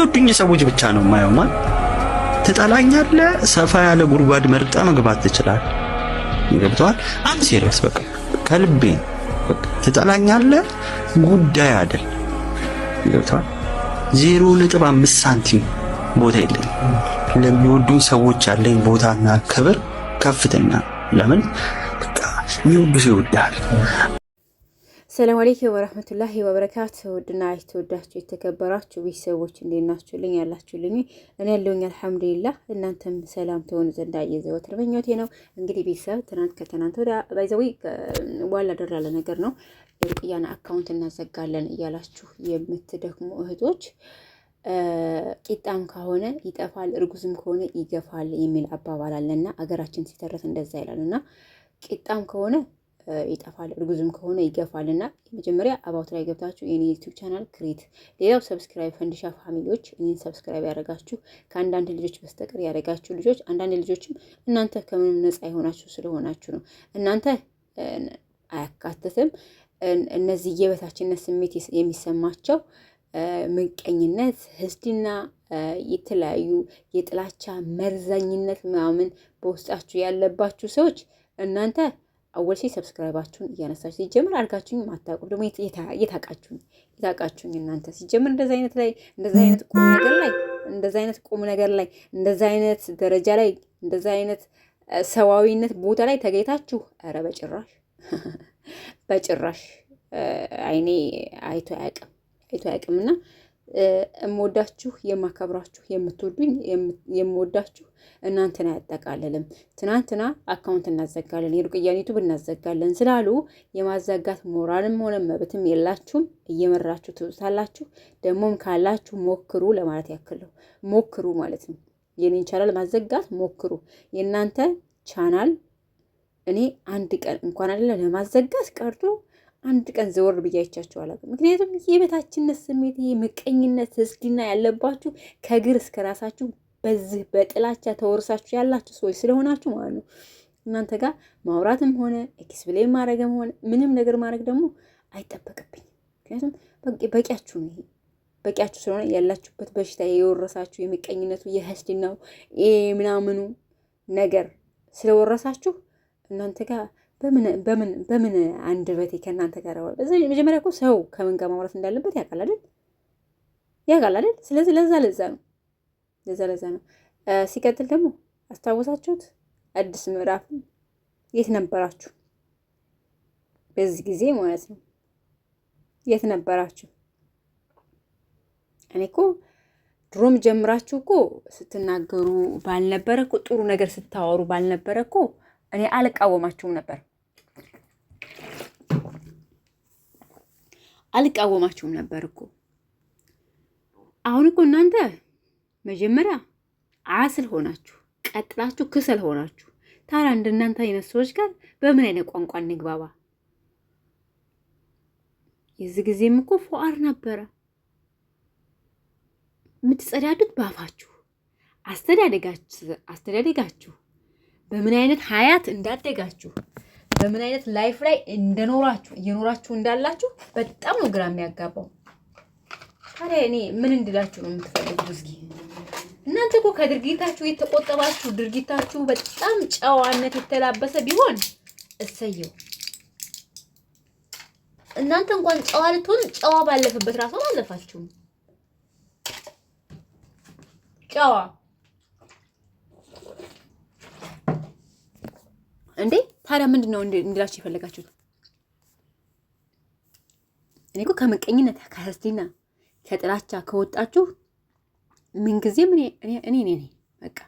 የሚወዱኝ ሰዎች ብቻ ነው የማየውማ። ትጠላኛለህ፣ ሰፋ ያለ ጉድጓድ መርጠ መግባት ትችላለህ። ገብተዋል። አም ሲሪየስ በቃ ከልቤ በቃ ትጠላኛለህ፣ ጉዳይ አይደል። ገብተዋል። ዜሮ ነጥብ አምስት ሳንቲም ቦታ የለኝም። ለሚወዱኝ ሰዎች ያለኝ ቦታና ክብር ከፍተኛ። ለምን በቃ የሚወዱ ይወዳል። ሰላም አለይኩም ወራህመቱላሂ ወበረካቱ። ውድና የተወዳችሁ የተከበራችሁ ቤተሰቦች እንዴት ናችሁልኝ? ያላችሁልኝ እኔ ያለሁኝ አልሐምዱሊላህ፣ እናንተም ሰላም ትሆኑ ዘንድ የዘወትር ምኞቴ ነው። እንግዲህ ቤተሰብ ትናንት ከትናንት ወዲያ ባይዘዊ ዋላ ደር ያለ ነገር ነው። የሩቅያን አካውንት እናዘጋለን እያላችሁ የምትደክሙ እህቶች ቂጣም ከሆነ ይጠፋል፣ እርጉዝም ከሆነ ይገፋል የሚል አባባል አለና አገራችን ሲተረት እንደዛ ይላልና ቂጣም ከሆነ ይጠፋል፣ እርጉዝም ከሆነ ይገፋል። እና መጀመሪያ አባውት ላይ ገብታችሁ የኔ ዩቱብ ቻናል ክሬት፣ ሌላው ሰብስክራይብ፣ ፈንዲሻ ፋሚሊዎች እኔን ሰብስክራይብ ያደረጋችሁ ከአንዳንድ ልጆች በስተቀር ያደረጋችሁ ልጆች፣ አንዳንድ ልጆችም እናንተ ከምንም ነፃ የሆናችሁ ስለሆናችሁ ነው። እናንተ አያካትትም እነዚህ የበታችነት ስሜት የሚሰማቸው ምቀኝነት፣ ህስድና የተለያዩ የጥላቻ መርዛኝነት ምናምን በውስጣችሁ ያለባችሁ ሰዎች እናንተ አወል ሺ ሰብስክራይባችሁን እያነሳችሁ ሲጀምር አድርጋችሁኝ ማታውቁ ደግሞ የታቃችሁኝ የታቃችሁኝ እናንተ ሲጀምር እንደዚ አይነት ላይ እንደዚ አይነት ቁም ነገር ላይ እንደዚ አይነት ቁም ነገር ላይ እንደዚ አይነት ደረጃ ላይ እንደዚ አይነት ሰዋዊነት ቦታ ላይ ተገኝታችሁ፣ ኧረ በጭራሽ በጭራሽ አይኔ አይቶ አያውቅም አይቶ አያውቅምና እምወዳችሁ የማከብራችሁ የምትወዱኝ የምወዳችሁ እናንተን አያጠቃልልም። ትናንትና አካውንት እናዘጋለን የሩቅያን ዩቱብ እናዘጋለን ስላሉ የማዘጋት ሞራልም ሆነ መብትም የላችሁም። እየመራችሁ ትውሳላችሁ። ደግሞም ካላችሁ ሞክሩ ለማለት ያክል ሞክሩ ማለት ነው። የኔን ቻናል ማዘጋት ሞክሩ። የእናንተ ቻናል እኔ አንድ ቀን እንኳን አይደለም ለማዘጋት ቀርቶ አንድ ቀን ዘወር ብዬ አይቻቸው አላውቅም። ምክንያቱም የበታችነት ስሜት፣ ይሄ ምቀኝነት፣ ህዝድና ያለባችሁ ከእግር እስከ ራሳችሁ በዚህ በጥላቻ ተወርሳችሁ ያላችሁ ሰዎች ስለሆናችሁ ማለት ነው። እናንተ ጋር ማውራትም ሆነ ኤክስፕሌን ማድረግም ሆነ ምንም ነገር ማድረግ ደግሞ አይጠበቅብኝም። ምክንያቱም በቂያችሁ ነው። ይሄ በቂያችሁ ስለሆነ ያላችሁበት በሽታ የወረሳችሁ የምቀኝነቱ፣ የህስድናው ምናምኑ ነገር ስለወረሳችሁ እናንተ ጋር በምን አንደበቴ ከእናንተ ጋር እዚ መጀመሪያ እኮ ሰው ከምን ጋር ማውራት እንዳለበት ያውቃል አይደል? ያውቃል አይደል? ስለዚህ ለዛ ለዛ ነው ለዛ ለዛ ነው። ሲቀጥል ደግሞ አስታወሳችሁት አዲስ ምዕራፍ የት ነበራችሁ? በዚህ ጊዜ ማለት ነው የት ነበራችሁ? እኔ እኮ ድሮም ጀምራችሁ እኮ ስትናገሩ ባልነበረ እኮ ጥሩ ነገር ስታወሩ ባልነበረ እኮ እኔ አልቃወማችሁም ነበር። አልቃወማችሁም ነበር እኮ። አሁን እኮ እናንተ መጀመሪያ አስል ሆናችሁ፣ ቀጥላችሁ ክሰል ሆናችሁ። ታዲያ እናንተ አይነት ሰዎች ጋር በምን አይነት ቋንቋ እንግባባ? የዚህ ጊዜም እኮ ፎአር ነበረ የምትጸዳዱት ባፋችሁ አስተዳደጋችሁ በምን አይነት ሀያት እንዳደጋችሁ በምን አይነት ላይፍ ላይ እንደኖራችሁ እየኖራችሁ እንዳላችሁ በጣም ነው ግራ የሚያጋባው። ታዲያ እኔ ምን እንድላችሁ ነው የምትፈልጉት? እስኪ እናንተ እኮ ከድርጊታችሁ የተቆጠባችሁ ድርጊታችሁ በጣም ጨዋነት የተላበሰ ቢሆን እሰየው። እናንተ እንኳን ጨዋ ልትሆን ጨዋ ባለፈበት ራሱ አለፋችሁም። ጨዋ እንዴ ታዲያ ምንድን ነው እንዲላችሁ የፈለጋችሁት? እኔ እኮ ከምቀኝነት ከህስቲና ከጥላቻ ከወጣችሁ ምንጊዜም እኔ እኔ እኔ በቃ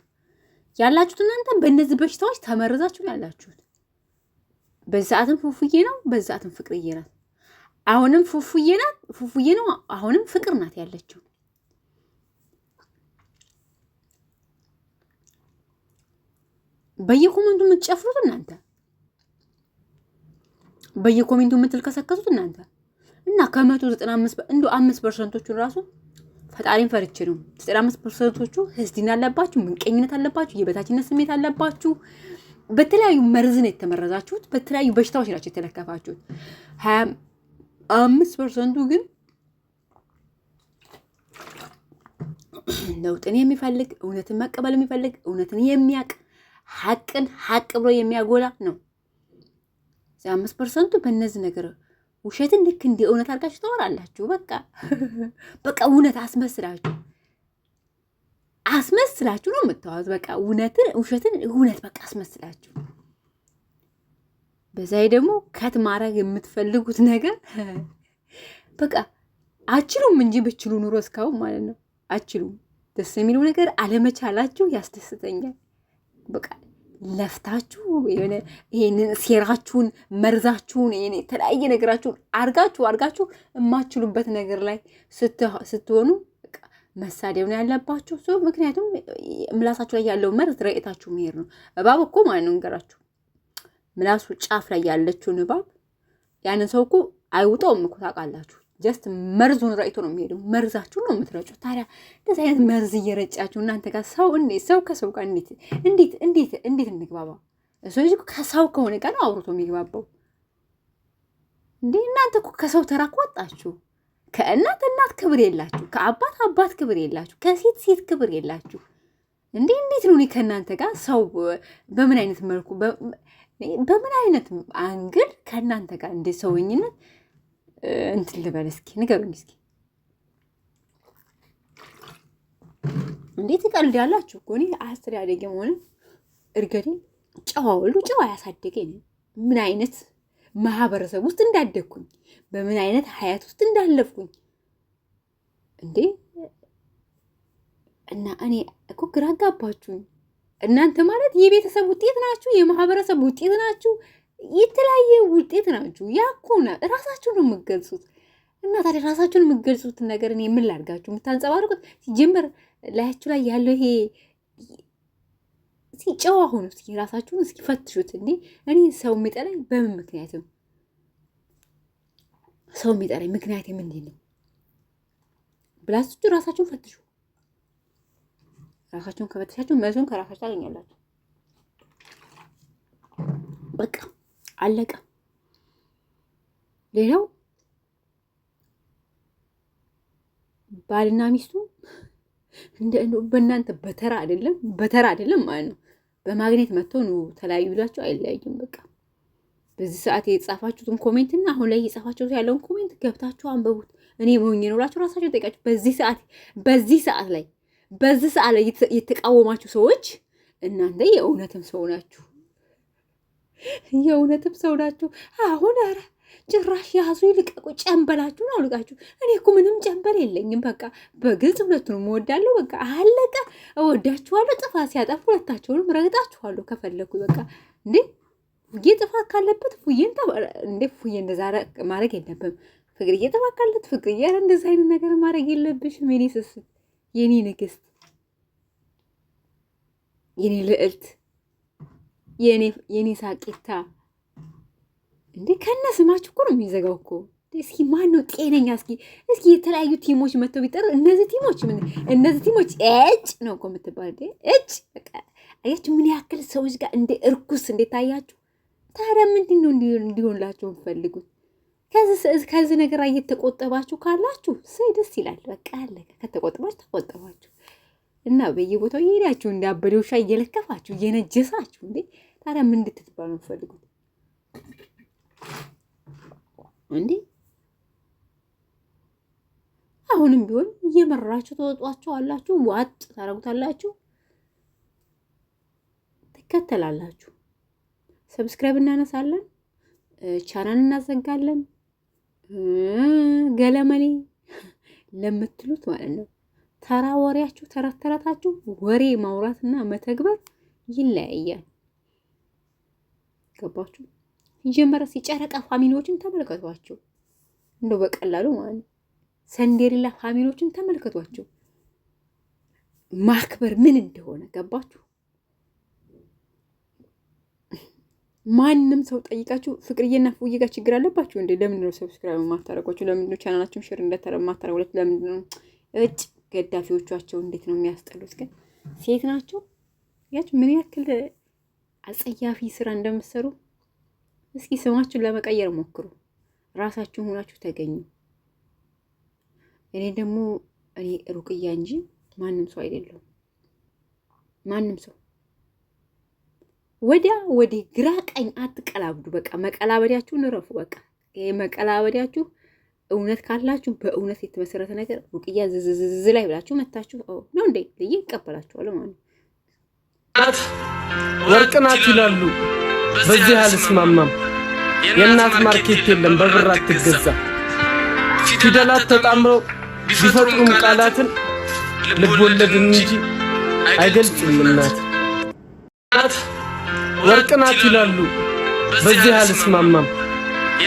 ያላችሁት እናንተ በእነዚህ በሽታዎች ተመርዛችሁ ያላችሁት። በዚህ ሰዓትም ፉፉዬ ነው፣ በዚህ ሰዓትም ፍቅርዬ ናት። አሁንም ፉፉዬ ናት፣ ፉፉዬ ነው፣ አሁንም ፍቅር ናት ያለችው። በየኮመንቱ የምትጨፍሩት እናንተ በየኮሜንቱ የምትልከሰከሱት እናንተ እና ከመቶ ዘጠና አምስት እንዶ አምስት ፐርሰንቶቹን ራሱ ፈጣሪን ፈርቼ ነው። ዘጠና አምስት ፐርሰንቶቹ ህዝድን አለባችሁ፣ ምንቀኝነት አለባችሁ፣ የበታችነት ስሜት አለባችሁ። በተለያዩ መርዝ ነው የተመረዛችሁት፣ በተለያዩ በሽታዎች ናቸው የተለከፋችሁት። ሀያ አምስት ፐርሰንቱ ግን ለውጥን የሚፈልግ እውነትን መቀበል የሚፈልግ እውነትን የሚያቅ ሀቅን ሀቅ ብሎ የሚያጎላ ነው። አምስት ፐርሰንቱ በእነዚህ ነገር ውሸትን ልክ እንደ እውነት አድርጋችሁ ታወራላችሁ። በቃ በቃ እውነት አስመስላችሁ አስመስላችሁ ነው የምታወሩት። በቃ እውነትን ውሸትን እውነት በቃ አስመስላችሁ። በዛይ ደግሞ ከት ማድረግ የምትፈልጉት ነገር በቃ አችሉም እንጂ ብችሉ ኑሮ እስካሁን ማለት ነው አችሉም። ደስ የሚለው ነገር አለመቻላችሁ ያስደስተኛል በቃ ለፍታችሁ የሆነ ይሄንን ሴራችሁን መርዛችሁን የተለያየ ነገራችሁን አርጋችሁ አርጋችሁ የማትችሉበት ነገር ላይ ስትሆኑ መሳደብ ነው ያለባችሁ። ምክንያቱም ምላሳችሁ ላይ ያለው መርዝ ረእታችሁ መሄድ ነው። እባብ እኮ ማለት ነው ንገራችሁ፣ ምላሱ ጫፍ ላይ ያለችውን እባብ ያንን ሰው እኮ አይውጠውም እኮ ታውቃላችሁ። ጀስት መርዙን ረጭቶ ነው የሚሄደው። መርዛችሁን ነው የምትረጩት። ታዲያ እንደዚህ አይነት መርዝ እየረጫችሁ እናንተ ጋር ሰው እንዴት ሰው ከሰው ጋር እንዴት እንዴት እንዴት እንዴት እንግባባ? እሱ ልጅ ከሰው ከሆነ ጋር ነው አውርቶ የሚግባባው። እንዴ እናንተ እኮ ከሰው ተራ ወጣችሁ። ከእናት እናት ክብር የላችሁ፣ ከአባት አባት ክብር የላችሁ፣ ከሴት ሴት ክብር የላችሁ። እንዴ እንዴት ነው እኔ ከእናንተ ጋር ሰው በምን አይነት መልኩ በምን አይነት አንግል ከእናንተ ጋር እንዴት ሰውኝነት እንትን ልበል እስኪ ንገሩኝ እስኪ እንዴት ቀልድ ያላችሁ እኮ እኔ ያደገ መሆንን እርገዴን ጨዋ ሁሉ ጨዋ ያሳደገኝ ምን አይነት ማህበረሰብ ውስጥ እንዳደግኩኝ በምን አይነት ሀያት ውስጥ እንዳለፍኩኝ እንዴ እና እኔ እኮ ግራ አጋባችሁኝ እናንተ ማለት የቤተሰብ ውጤት ናችሁ የማህበረሰብ ውጤት ናችሁ የተለያየ ውጤት ናችሁ። ያ እኮ ነው ራሳችሁን ነው የምገልጹት። እና ታዲያ ራሳችሁን የምገልጹትን ነገር እኔ ምን ላድርጋችሁ? የምታንጸባርቁት ሲጀምር ላያችሁ ላይ ያለው ይሄ ሲጨዋ ሆኑ። እስኪ ራሳችሁን እስኪ ፈትሹት። እንዴ እኔ ሰው የሚጠላኝ በምን ምክንያት ነው? ሰው የሚጠላኝ ምክንያት ምንድን ነው ብላችሁ ራሳችሁን ፈትሹ። ራሳችሁን ከፈትሻችሁ መልሱን ከራሳችሁ ታገኛላችሁ። በቃ አለቀ። ሌላው ባልና ሚስቱ በእናንተ በተራ አይደለም በተራ አይደለም ማለት ነው። በማግኔት መጥተው ነው ተለያዩ ብላችሁ አይለያይም። በቃ በዚህ ሰዓት የጻፋችሁትን ኮሜንት እና አሁን ላይ የጻፋችሁት ያለውን ኮሜንት ገብታችሁ አንበቡት እኔ ሞኝ ነው ብላችሁ ራሳችሁ ጠይቃችሁ። በዚህ ሰዓት በዚህ ሰዓት ላይ በዚህ ሰዓት ላይ የተቃወማችሁ ሰዎች እናንተ የእውነትም ሰው ናችሁ። የእውነትም ሰው ናችሁ አሁን። ኧረ ጭራሽ ያዙ ይልቀቁ፣ ነው አውልቃችሁ። እኔ እኮ ምንም ጨንበል የለኝም። በቃ በግልጽ ሁለቱንም እወዳለሁ። በቃ አለቀ። እወዳችኋለሁ። ጥፋት ሲያጠፉ ሁለታቸውንም ረግጣችኋለሁ ከፈለኩ። በቃ እንዴ ጌ ጥፋት ካለበት ፉዬን እንዴ ፉዬ እንደዛ ማድረግ የለብም። ፍቅርዬ ጥፋት ካለት ፍቅርዬ፣ ኧረ እንደዚ አይነት ነገር ማድረግ የለብሽም። የኔ ስስት፣ የኔ ንግስት፣ የኔ ልዕልት የኔ ሳቂታ እንዴ ከነ ስማችሁ እኮ ነው የሚዘጋው እኮ። እስኪ ማን ነው ጤነኛ? እስኪ እስኪ የተለያዩ ቲሞች መጥተው ቢጠሩ እነዚህ ቲሞች ምን እነዚህ ቲሞች እጭ ነው እኮ የምትባል እጭ። አያችሁ ምን ያክል ሰዎች ጋር እንደ እርኩስ እንዴ ታያችሁ። ታዲያ ምንድን ነው እንዲሆንላቸው የምፈልጉት? ከዚህ ነገር እየተቆጠባችሁ ካላችሁ ሰይ ደስ ይላል። በቃ አለቀ። ከተቆጠባችሁ ተቆጠባችሁ እና በየቦታው የሄዳችሁ እንደ አበደ ውሻ እየለከፋችሁ እየነጀሳችሁ እንዴ ታዲያ ምን እንድትባል ነው የምትፈልጉት እንዴ? አሁንም ቢሆን እየመራችሁ ተወጧቸው አላችሁ፣ ዋጥ ታረጉታላችሁ፣ ትከተላላችሁ። ሰብስክራይብ እናነሳለን፣ ቻናል እናዘጋለን። ገለመኔ ለምትሉት ማለት ነው ተራ ወሬያችሁ ተረት ተረታችሁ ወሬ ማውራትና መተግበር ይለያያል። አያስገባችሁም። የመጀመሪያ የጨረቃ ፋሚሊዎችን ተመልከቷቸው፣ እንደው በቀላሉ ማለት ነው። ሰንዴሪላ ፋሚሊዎችን ተመልከቷቸው። ማክበር ምን እንደሆነ ገባችሁ? ማንም ሰው ጠይቃችሁ ፍቅርዬና ፉዬ ጋር ችግር አለባችሁ እንዴ? ለምንድን ነው ሰብስክራይብ ማታረጓችሁ? ለምንድን ነው ቻናላችሁን ሼር እንደማታረጉላችሁ? ለምንድን ነው እጭ ገዳፊዎቻቸው እንዴት ነው የሚያስጠሉት? ግን ሴት ናቸው ያች ምን ያክል አጸያፊ ስራ እንደምትሰሩ እስኪ ስማችሁን ለመቀየር ሞክሩ። ራሳችሁን ሁናችሁ ተገኙ። እኔ ደግሞ እኔ ሩቅያ እንጂ ማንም ሰው አይደለሁም። ማንም ሰው ወዲያ ወዲህ ግራ ቀኝ አትቀላብዱ። በቃ መቀላበዲያችሁን እረፉ። በቃ ይሄ መቀላበዳችሁ እውነት ካላችሁ በእውነት የተመሰረተ ነገር ሩቅያ ዝዝዝዝ ላይ ብላችሁ መታችሁ ነው እንዴ ልዬ ይቀበላችኋል ማለት ነው። ወርቅ ናት ይላሉ። በዚህ አልስማማም። የእናት ማርኬት የለም በብር አትገዛ። ፊደላት ተጣምረው ቢፈጥሩም ቃላትን ልብ ወለድን እንጂ አይገልጽም እናት። ወርቅ ናት ይላሉ። በዚህ አልስማማም።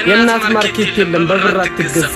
የእናት ማርኬት የለም በብር አትገዛ።